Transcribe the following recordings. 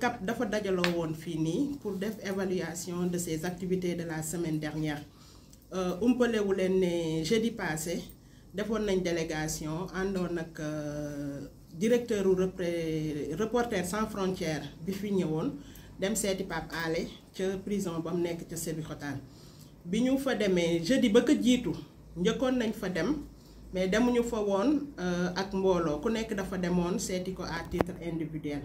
CAP dafa dajaloo woon pour def évaluation de ses activités de la semaine dernière peut leen ne jeudi passé defoon une délégation àndoon ak euh, directeur ou Reporters sans frontières bi fi ñëwoon dem seeti Pape Alé que prison bam nek nekk ca Sébikotane bi ñu fa demee jeudi ba ko jiitu njëkkoon nañ fa dem mais demuñu fa woon euh, ak Mbolo ku nekk dafa demoon seeti ko à titre individuel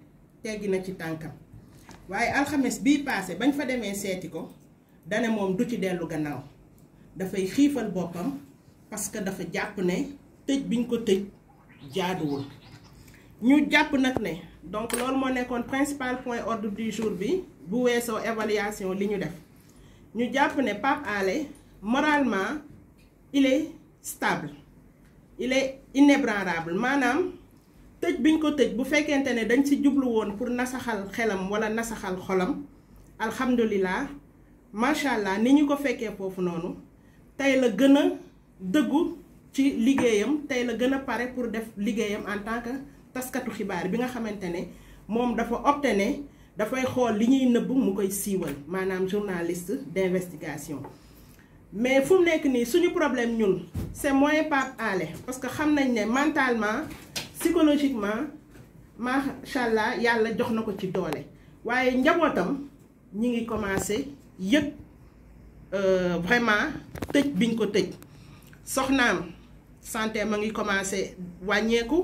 teggi na ci tànkam waaye alxames bii passé bañ fa demee seeti ko dane moom du ci dellu gannaaw parce que ne biñ ko ñu donc principal point ordre du jour bi évaluation def ñu moralement il est stable il est inébranlable tëj biñ ko tëj bu fekkente ne dañ ci jublu woon pour nasaxal xelam wala nasaxal xolam alhamdulilah macha allah ni ñu ko fekkee foofu noonu tey la gën a dëggu ci liggéeyam tey la gën a pare pour def liggéeyam en tant que taskatu xibaar bi nga xamante ne moom dafa opté ne dafay xool li ñuy nëbb mu koy siiwal maanaam journaliste d'investigation mais fu mu nekk nii suñu problème ñun c'est moins Pape Alé parce que xam nañ ne mentalement psychologiquement macha allah yàlla jox na ko ci doole waaye njabootam ñi ngi commencé yëg euh, vraiment tëj biñ ko tëj soxnaam santé ma ngi commencé wàññeeku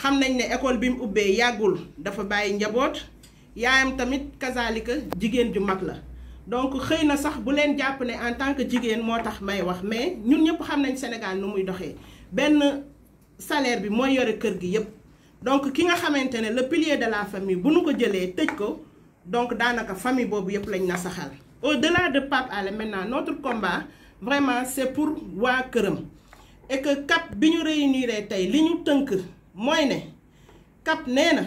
xam nañ école bi mu ubbee yàggul dafa baye njabot yaayam tamit kazaalika jigen ju mak la donc xeyna sax bu len japp ne en tant que jigen motax may wax mais ñun ñep xam nañ Sénégal nu muy doxee benn salaire bi moy yore kër gi yépp donc ki nga xamantene le pilier de la famille bu nu ko jëlé tëj ko donc danaka famille bobu yépp lañ nasaxal au-delà de Pape alle maintenant notre combat vraiment c'est pour wa këram et que CAP biñu réuniré tay liñu teunk moy né CAP néna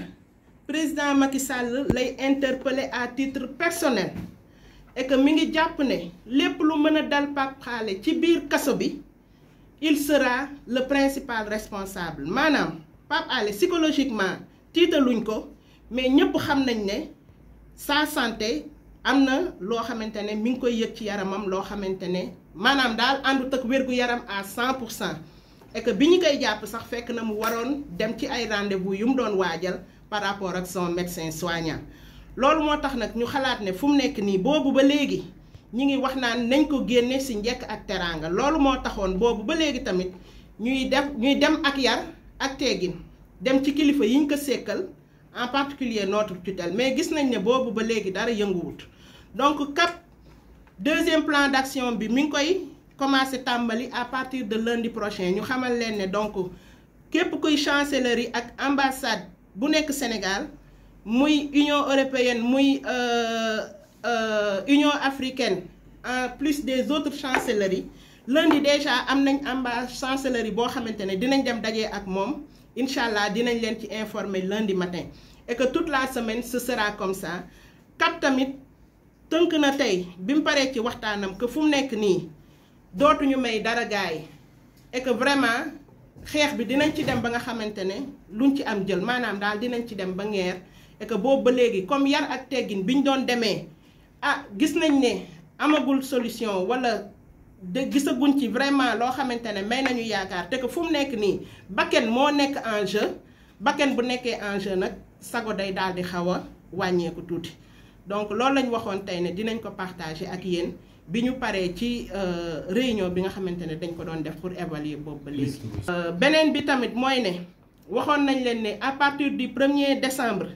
président Macky Sall lay interpeller à titre personnel et que mi ngi jàpp ne lépp lu mëna dal Pape xalé ci biir kaso bi il sera le principal responsable Manam, papale Alé psychologiquement tiitaluñ ko mais ñëpp xam nañ ne sa santé amna lo xamantene mi ngi koy yëg ci yaramam lo xamantene manam dal andu àndut wergu yaram à 100 et que biñu koy japp sax fekk na mu waron dem ci ay rendez-vous yum doon wajal par rapport ak son médecin soignant loolu motax nak ñu xalaat ne fum nek ni bobu ba légui ñi ngi wax naan nañ ko génne ci njekk ak loolu ba tamit ñuy def ñuy dem ak yar ak dem ci en particulier notre tutelle mais gis nañ ne ba donc cap deuxième plan d'action bi mi koy à partir de lundi prochain ñu xamal leen donc képp kuy chancellerie ak ambassade bu Sénégal muy Union européenne euh, euh, Union africaine en plus des autres chancelleries lundi déjà am nañ chancellerie boo xamante ne dinañ dem dajee ak moom incha dinañ lundi matin et que toute la semaine ce sera comme ça CAP tamit que na tey bi mu ci que fu mu nekk nii may dara et que vraiment xeex bi dinañ ci dem ba nga xamantene luñ ci am jël manam dal dinañ ci dem ba ngeer et que bo ba légui comme yar ak teggin biñ doon démé ah gis nañ ne amagul solution wala de gisaguñ ci vraiment loo xamante ne may nañu yaakaar te que fu mu nekk nii bakken moo nekk en jeu bakken bu nekkee en jeu nag sago day daal di xaw a wàññeeku tuuti donc loolu lañ waxoon tey ne dinañ ko partager ak yéen bi ñu paree ci euh, réunion bi nga xamante ne dañ ko doon def pour évaluer boobu ba léegi euh, beneen bi tamit mooy ne waxoon nañ leen ne à partir du 1er décembre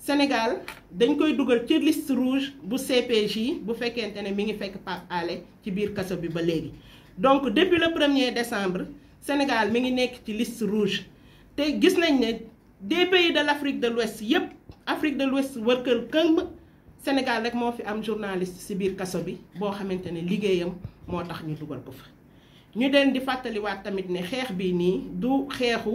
Sénégal dañ koy dugal ci liste rouge bu CPJ bu fekkente ne mi ngi fekk Pape Alé ci biir kaso bi donc depuis le 1er décembre Sénégal mi ngi nekk ci liste rouge te gis nañ ne des pays de l'Afrique de l'Ouest yépp Afrique de l'Ouest wërkël këmb Sénégal rek moo fi am journaliste ci biir kaso bi boo xamante ne liggéeyam moo ñu dugal ko fa ñu di fàttaliwaat tamit ne xeex bii nii du xeexu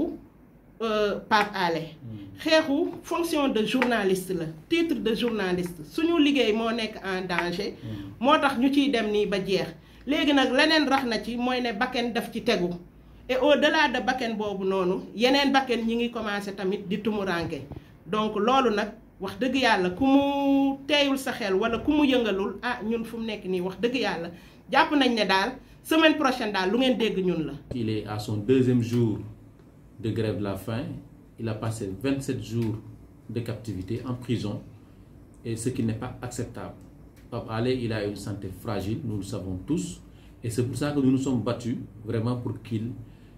euh, par aller mm. fonction de journaliste le titre de journaliste suñu liguey nous sommes en danger Nous mm. ñu ciy dem ni ba jeex Nous sommes leneen raxna ci moy ne bakken et au delà de bakken bobu nonu yeneen bakken ñi ngi commencé tamit di donc lolu nak wax deug yalla kumu téyul sa xel wala kumu yëngalul ah ñun fu nek ni wax semaine prochaine dal, il est à son deuxième jour de grève la faim. Il a passé 27 jours de captivité en prison, et ce qui n'est pas acceptable. Pape aller, il a une santé fragile, nous le savons tous, et c'est pour ça que nous nous sommes battus vraiment pour qu'il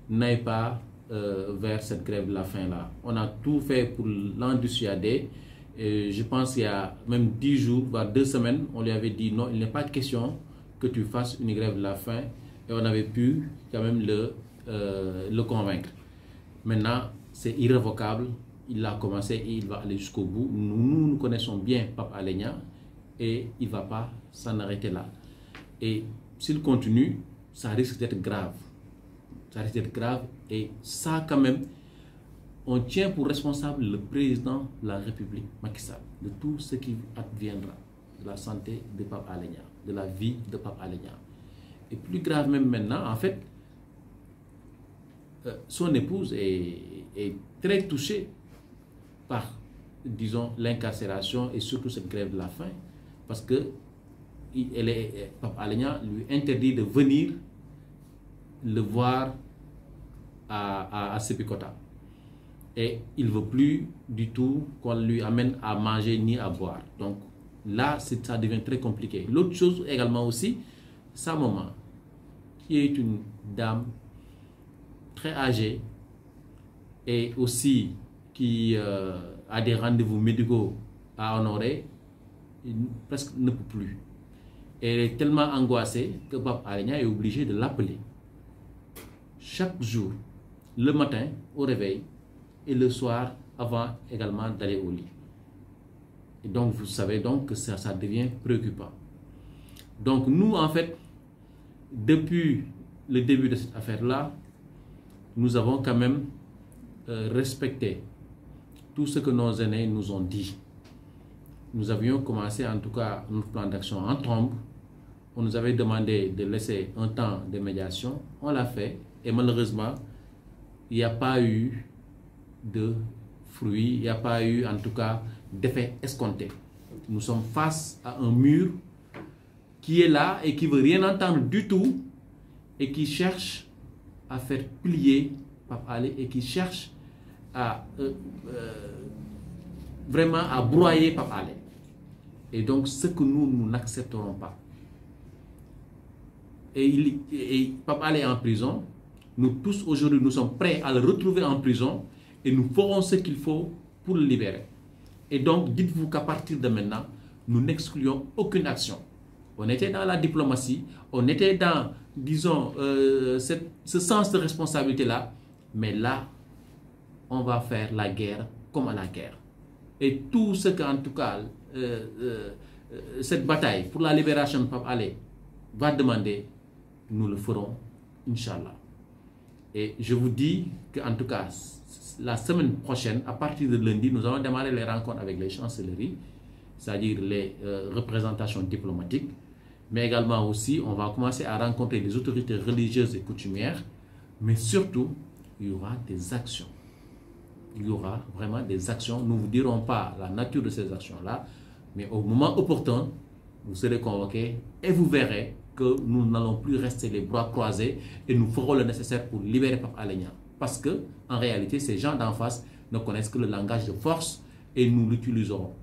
n'aille pas euh, vers cette grève la faim-là. On a tout fait pour et Je pense qu'il y a même 10 jours, voire 2 semaines, on lui avait dit non, il n'est pas question que tu fasses une grève la faim. Et on avait pu quand même le, euh, le convaincre. Maintenant, c'est irrévocable. Il a commencé et il va aller jusqu'au bout. Nous, nous, connaissons bien Pape Alenia et il ne va pas s'en arrêter là. Et s'il continue, ça risque d'être grave. Ça risque d'être grave. Et ça, quand même, on tient pour responsable le président de la République, Macky Sall, de tout ce qui adviendra de la santé de Pape Alenia, de la vie de Pape Alenia. Et plus grave même maintenant, en fait, euh, son épouse est, est, très touchée par, disons, l'incarcération et surtout cette grève de la faim, parce que elle est, euh, Pape Alenia lui interdit de venir le voir à, à, à Sepikota. Et il ne veut plus du tout qu'on lui amène à manger ni à boire. Donc là, ça devient très compliqué. L'autre chose également aussi, sa maman, qui est une dame très âgé et aussi qui euh, a des rendez-vous médicaux à honorer, il presque ne peut plus. elle est tellement angoissée que Pape Alenia est obligé de l'appeler. Chaque jour, le matin au réveil et le soir avant également d'aller au lit. Et donc vous savez donc que ça, ça devient préoccupant. Donc nous en fait, depuis le début de cette affaire-là, nous avons quand même euh, respecté tout ce que nos aînés nous ont dit. Nous avions commencé en tout cas notre plan d'action en trombe. On nous avait demandé de laisser un temps de médiation. On l'a fait et malheureusement, il n'y a pas eu de fruits, il n'y a pas eu en tout cas d'effet escompté. Nous sommes face à un mur qui est là et qui veut rien entendre du tout et qui cherche à faire plier Pape Ali et qui cherche à euh, euh, vraiment à broyer Pape Ali. Et donc, ce que nous, nous n'accepterons pas. Et, il, et est en prison. Nous tous, aujourd'hui, nous sommes prêts à le retrouver en prison et nous ferons ce qu'il faut pour le libérer. Et donc, dites-vous qu'à partir de maintenant, nous n'excluons aucune action. On était dans la diplomatie, on était dans, disons, euh, ce sens de responsabilité-là. Mais là, on va faire la guerre comme à la guerre. Et tout ce qu'en tout cas, euh, euh, cette bataille pour la libération de Pape Allé va demander, nous le ferons, Inch'Allah. Et je vous dis qu'en tout cas, la semaine prochaine, à partir de lundi, nous allons démarrer les rencontres avec les chancelleries, c'est-à-dire les représentations diplomatiques mais également aussi, on va commencer à rencontrer les autorités religieuses et coutumières, mais surtout, il y aura des actions. Il y aura vraiment des actions. Nous ne vous dirons pas la nature de ces actions-là, mais au moment opportun, vous serez convoqués et vous verrez que nous n'allons plus rester les bras croisés et nous ferons le nécessaire pour libérer Papa Alenia. Parce que, en réalité, ces gens d'en face ne connaissent que le langage de force et nous l'utiliserons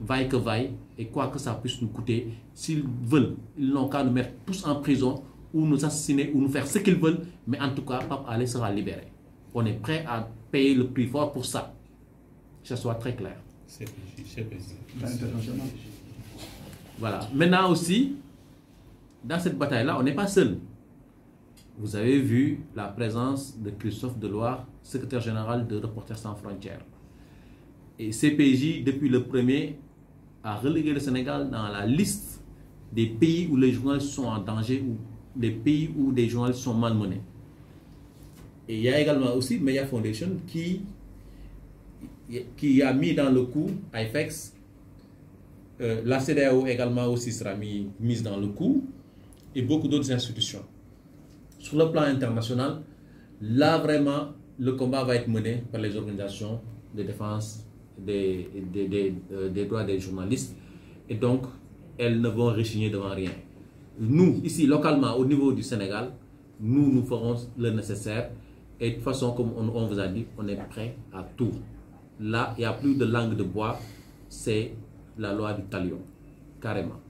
vaille que vaille, et quoi que ça puisse nous coûter, s'ils veulent, ils n'ont qu'à nous mettre tous en prison ou nous assassiner ou nous faire ce qu'ils veulent, mais en tout cas, Pape aller sera libéré. On est prêt à payer le prix fort pour ça. Que ce soit très clair. Voilà. Maintenant aussi, dans cette bataille-là, on n'est pas seul. Vous avez vu la présence de Christophe Deloire, secrétaire général de Reporters sans frontières. Et CPJ, depuis le 1er à reléguer le Sénégal dans la liste des pays où les journalistes sont en danger ou des pays où des journalistes sont malmenés. Et il y a également aussi Media Foundation qui, qui a mis dans le coup IFEX. Euh, la CDAO également aussi sera mis, mise dans le coup et beaucoup d'autres institutions. Sur le plan international, là vraiment, le combat va être mené par les organisations de défense des, euh, des, droits des journalistes. Et donc, elles ne vont rechigner devant rien. Nous, ici, localement, au niveau du Sénégal, nous, nous ferons le nécessaire. Et de toute façon, comme on, vous a dit, on est prêt à tout. Là, il n'y a plus de langue de bois, c'est la loi du talion, carrément.